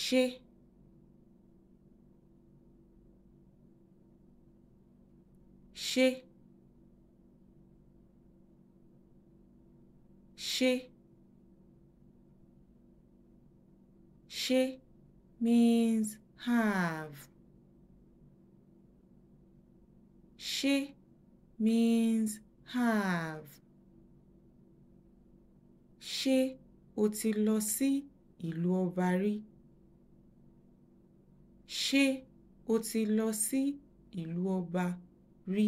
ṣe ṣe ṣe ṣe means have ṣe means have ṣé o ti lọ sí ìlú ọba rí? Ṣé o ti lọ sí ìlú ọba rí?